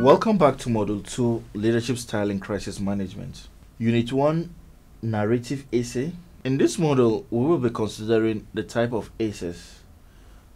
Welcome back to Module 2 Leadership Style in Crisis Management. Unit 1 Narrative Essay. In this module, we will be considering the type of essays.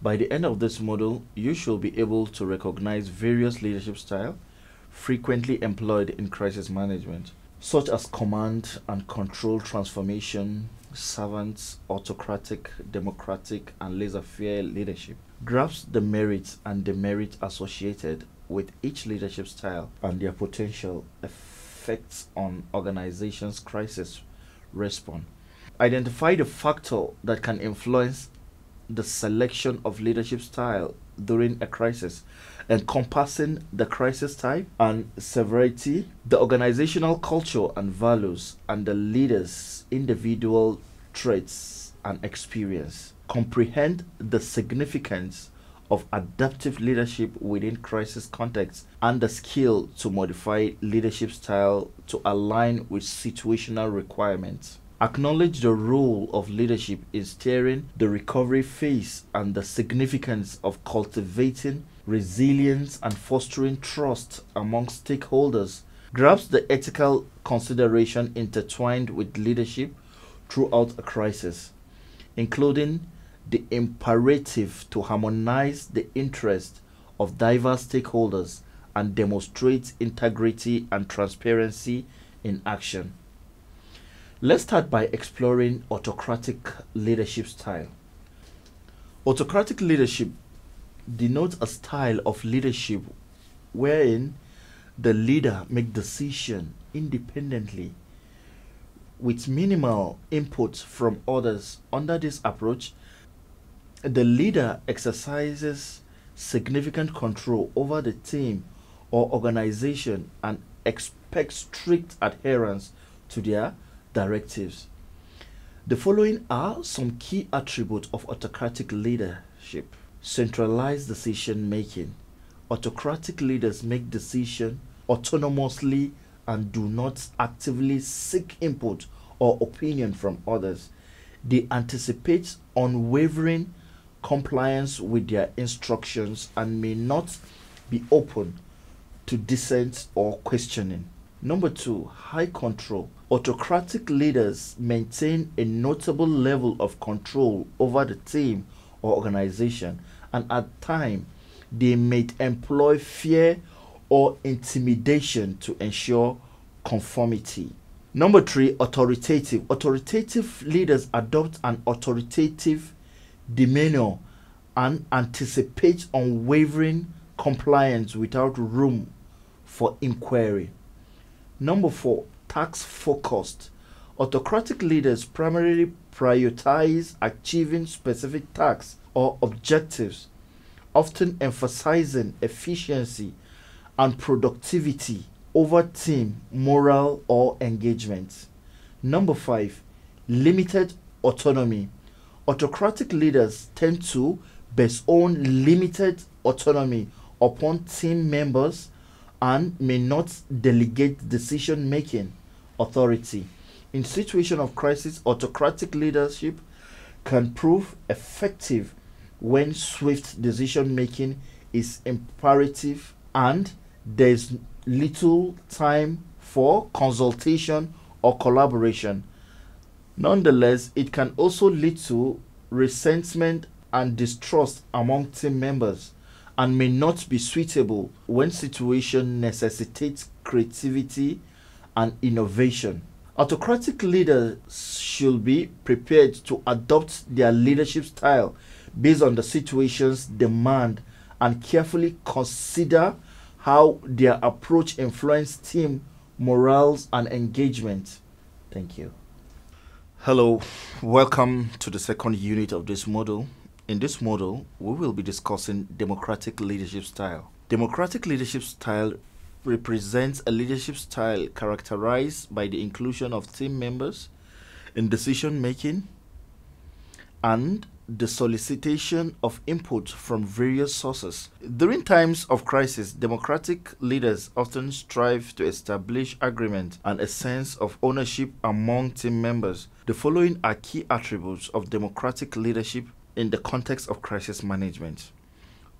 By the end of this module, you should be able to recognize various leadership style frequently employed in crisis management, such as command and control transformation, servants, autocratic, democratic, and laissez-faire leadership. Grasp the merits and demerits associated with each leadership style and their potential effects on organizations' crisis response. Identify the factor that can influence the selection of leadership style during a crisis, encompassing the crisis type and severity, the organizational culture and values, and the leader's individual traits and experience. Comprehend the significance of adaptive leadership within crisis contexts and the skill to modify leadership style to align with situational requirements. Acknowledge the role of leadership in steering the recovery phase and the significance of cultivating resilience and fostering trust among stakeholders. Grasp the ethical consideration intertwined with leadership throughout a crisis, including the imperative to harmonize the interests of diverse stakeholders and demonstrate integrity and transparency in action. Let's start by exploring autocratic leadership style. Autocratic leadership denotes a style of leadership wherein the leader makes decision independently with minimal input from others. Under this approach, the leader exercises significant control over the team or organization and expects strict adherence to their directives. The following are some key attributes of autocratic leadership. Centralized decision making. Autocratic leaders make decisions autonomously and do not actively seek input or opinion from others. They anticipate unwavering compliance with their instructions and may not be open to dissent or questioning. Number two, high control. Autocratic leaders maintain a notable level of control over the team or organization, and at times they may employ fear or intimidation to ensure conformity. Number three, authoritative. Authoritative leaders adopt an authoritative demeanor and anticipates unwavering compliance without room for inquiry. Number four, tax focused. Autocratic leaders primarily prioritize achieving specific tasks or objectives, often emphasizing efficiency and productivity over team, morale, or engagement. Number five, limited autonomy autocratic leaders tend to bestow limited autonomy upon team members and may not delegate decision-making authority. In situation of crisis, autocratic leadership can prove effective when swift decision-making is imperative and there's little time for consultation or collaboration. Nonetheless, it can also lead to resentment and distrust among team members and may not be suitable when situation necessitates creativity and innovation. Autocratic leaders should be prepared to adopt their leadership style based on the situation's demand and carefully consider how their approach influences team morals and engagement. Thank you. Hello, welcome to the second unit of this module. In this module, we will be discussing democratic leadership style. Democratic leadership style represents a leadership style characterized by the inclusion of team members in decision making and the solicitation of input from various sources. During times of crisis, democratic leaders often strive to establish agreement and a sense of ownership among team members. The following are key attributes of democratic leadership in the context of crisis management.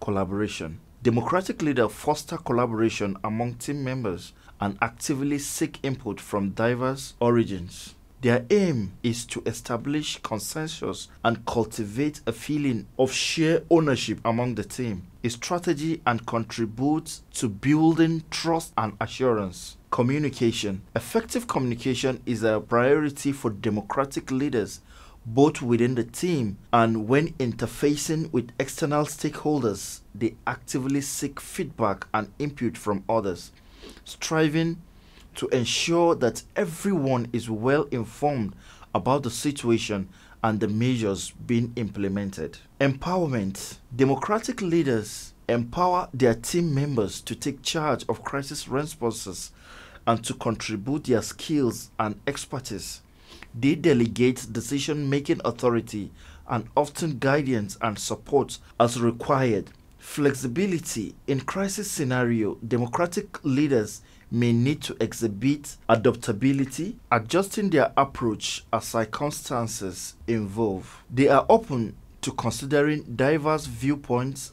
Collaboration. Democratic leaders foster collaboration among team members and actively seek input from diverse origins. Their aim is to establish consensus and cultivate a feeling of shared ownership among the team, a strategy and contributes to building trust and assurance. Communication. Effective communication is a priority for democratic leaders both within the team and when interfacing with external stakeholders, they actively seek feedback and input from others, striving to ensure that everyone is well informed about the situation and the measures being implemented. Empowerment. Democratic leaders empower their team members to take charge of crisis responses and to contribute their skills and expertise. They delegate decision making authority and often guidance and support as required. Flexibility. In crisis scenario, democratic leaders may need to exhibit adaptability, adjusting their approach as circumstances evolve. They are open to considering diverse viewpoints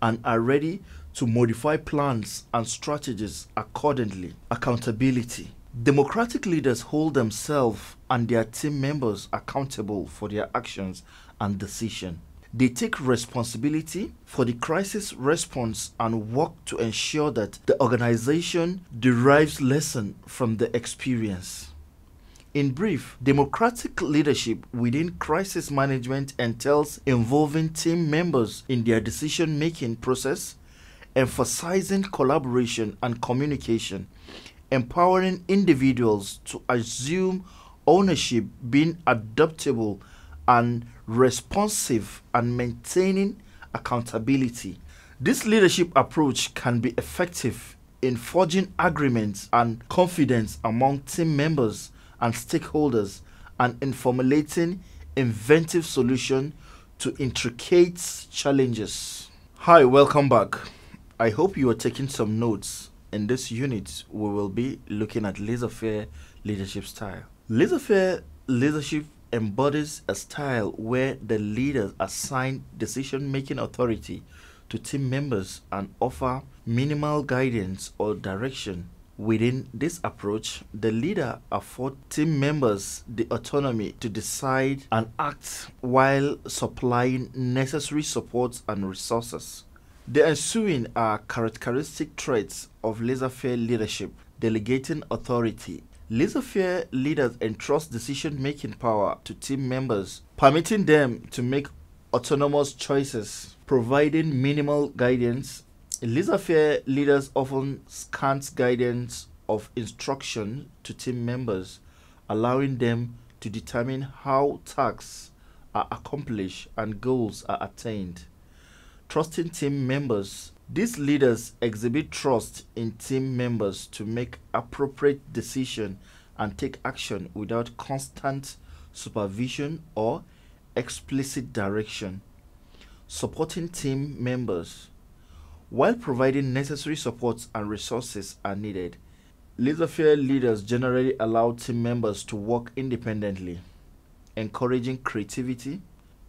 and are ready to modify plans and strategies accordingly. Accountability. Democratic leaders hold themselves and their team members accountable for their actions and decisions. They take responsibility for the crisis response and work to ensure that the organization derives lesson from the experience. In brief, democratic leadership within crisis management entails involving team members in their decision making process, emphasizing collaboration and communication, empowering individuals to assume ownership, being adaptable and responsive and maintaining accountability. This leadership approach can be effective in forging agreements and confidence among team members and stakeholders and in formulating inventive solutions to intricate challenges. Hi, welcome back. I hope you are taking some notes. In this unit, we will be looking at laissez-faire leadership style. Laissez-faire leadership embodies a style where the leaders assign decision making authority to team members and offer minimal guidance or direction. Within this approach, the leader affords team members the autonomy to decide and act while supplying necessary supports and resources. The ensuing are characteristic traits of laissez faire leadership delegating authority Laissez-faire leaders entrust decision-making power to team members, permitting them to make autonomous choices, providing minimal guidance. Laissez-faire leaders often scant guidance of instruction to team members, allowing them to determine how tasks are accomplished and goals are attained. Trusting team members these leaders exhibit trust in team members to make appropriate decisions and take action without constant supervision or explicit direction. Supporting team members. While providing necessary supports and resources are needed, Lithosphere leaders generally allow team members to work independently, encouraging creativity,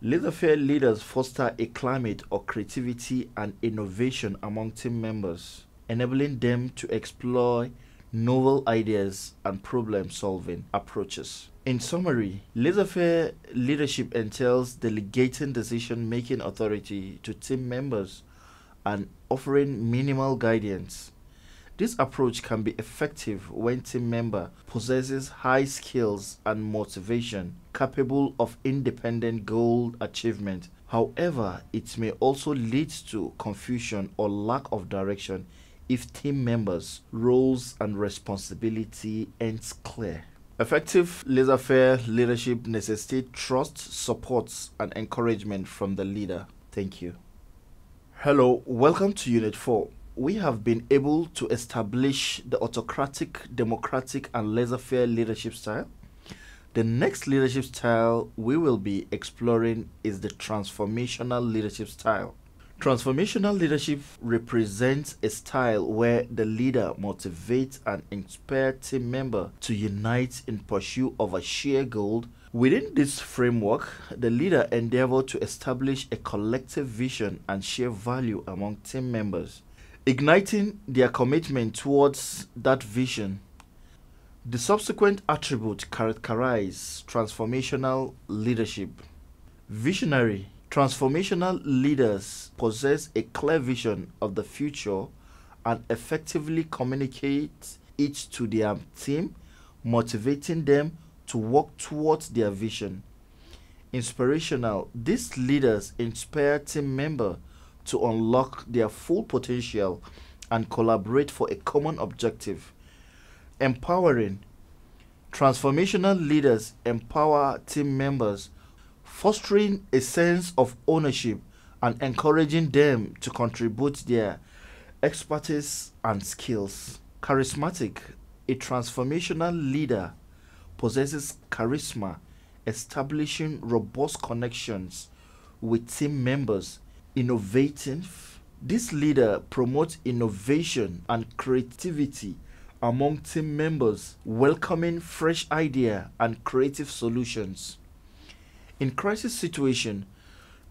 Laissez-faire leaders foster a climate of creativity and innovation among team members, enabling them to explore novel ideas and problem-solving approaches. In summary, laissez-faire leadership entails delegating decision-making authority to team members and offering minimal guidance this approach can be effective when team member possesses high skills and motivation, capable of independent goal achievement. However, it may also lead to confusion or lack of direction if team members' roles and responsibility ends clear. Effective laissez-faire leadership necessitates trust, support, and encouragement from the leader. Thank you. Hello, welcome to Unit 4 we have been able to establish the autocratic, democratic, and laissez faire leadership style. The next leadership style we will be exploring is the transformational leadership style. Transformational leadership represents a style where the leader motivates and inspires team member to unite in pursuit of a shared goal. Within this framework, the leader endeavors to establish a collective vision and share value among team members igniting their commitment towards that vision. The subsequent attribute characterize transformational leadership. Visionary transformational leaders possess a clear vision of the future and effectively communicate it to their team, motivating them to work towards their vision. Inspirational these leaders inspire team members to unlock their full potential and collaborate for a common objective. Empowering transformational leaders empower team members, fostering a sense of ownership and encouraging them to contribute their expertise and skills. Charismatic, a transformational leader possesses charisma, establishing robust connections with team members innovative. This leader promotes innovation and creativity among team members, welcoming fresh idea and creative solutions. In crisis situation,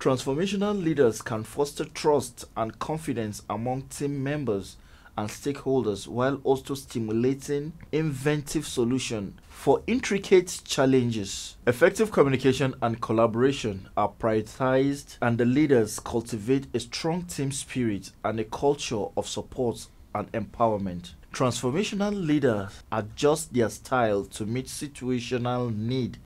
transformational leaders can foster trust and confidence among team members and stakeholders while also stimulating inventive solutions for intricate challenges. Effective communication and collaboration are prioritized, and the leaders cultivate a strong team spirit and a culture of support and empowerment. Transformational leaders adjust their style to meet situational need,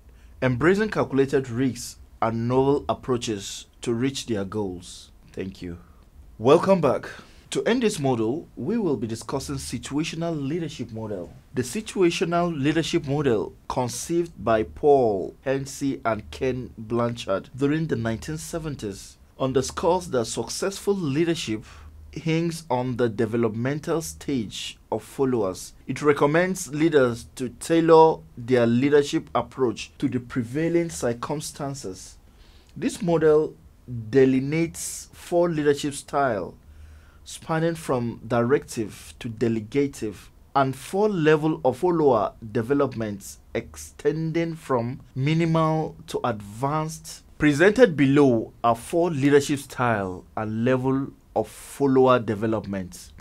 embracing calculated risks and novel approaches to reach their goals. Thank you. Welcome back. To end this model, we will be discussing situational leadership model. The situational leadership model conceived by Paul Hensey and Ken Blanchard during the 1970s underscores that successful leadership hinges on the developmental stage of followers. It recommends leaders to tailor their leadership approach to the prevailing circumstances. This model delineates four leadership styles spanning from directive to delegative and four level of follower developments extending from minimal to advanced. Presented below are four leadership style and level of follower developments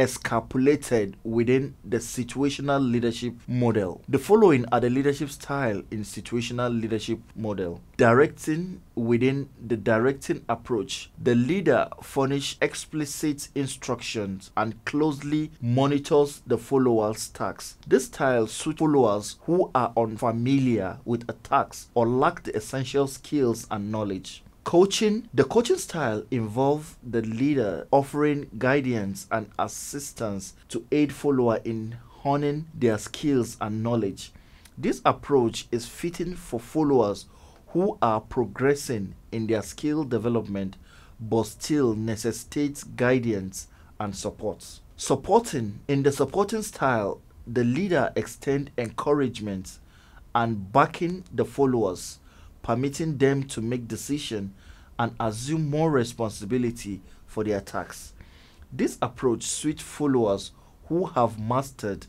escapulated within the situational leadership model. The following are the leadership style in situational leadership model. Directing within the directing approach, the leader furnishes explicit instructions and closely monitors the followers' tasks. This style suits followers who are unfamiliar with a task or lack the essential skills and knowledge coaching the coaching style involves the leader offering guidance and assistance to aid follower in honing their skills and knowledge this approach is fitting for followers who are progressing in their skill development but still necessitates guidance and support supporting in the supporting style the leader extend encouragement and backing the followers permitting them to make decision and assume more responsibility for their attacks. This approach suits followers who have mastered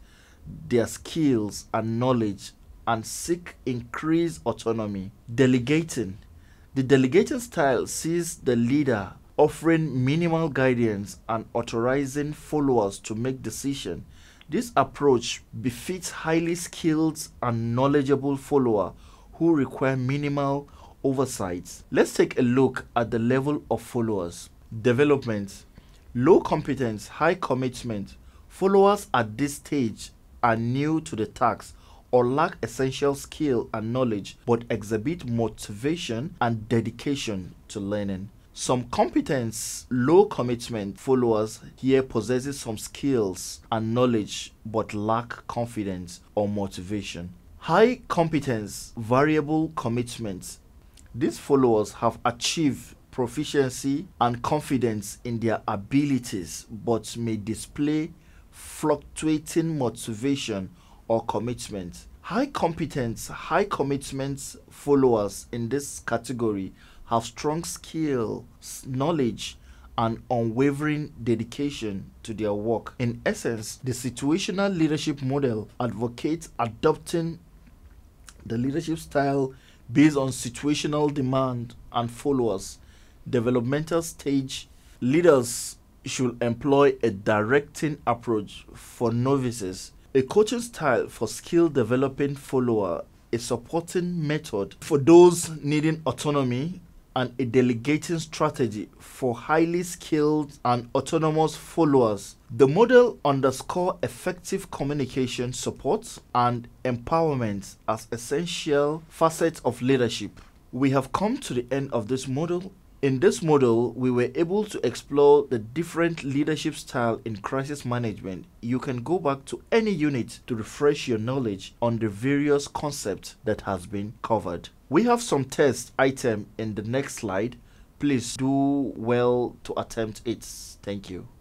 their skills and knowledge and seek increased autonomy. Delegating. The delegating style sees the leader offering minimal guidance and authorizing followers to make decisions. This approach befits highly skilled and knowledgeable follower who require minimal oversights. Let's take a look at the level of followers. Development. Low competence, high commitment. Followers at this stage are new to the task or lack essential skill and knowledge but exhibit motivation and dedication to learning. Some competence, low commitment followers here possesses some skills and knowledge but lack confidence or motivation. High competence, variable commitment. These followers have achieved proficiency and confidence in their abilities but may display fluctuating motivation or commitment. High competence, high commitment followers in this category have strong skill, knowledge, and unwavering dedication to their work. In essence, the situational leadership model advocates adopting the leadership style based on situational demand and followers. Developmental stage leaders should employ a directing approach for novices, a coaching style for skill developing follower, a supporting method for those needing autonomy and a delegating strategy for highly skilled and autonomous followers. The model underscores effective communication support and empowerment as essential facets of leadership. We have come to the end of this model in this model, we were able to explore the different leadership style in crisis management. You can go back to any unit to refresh your knowledge on the various concepts that has been covered. We have some test item in the next slide. Please do well to attempt it. Thank you.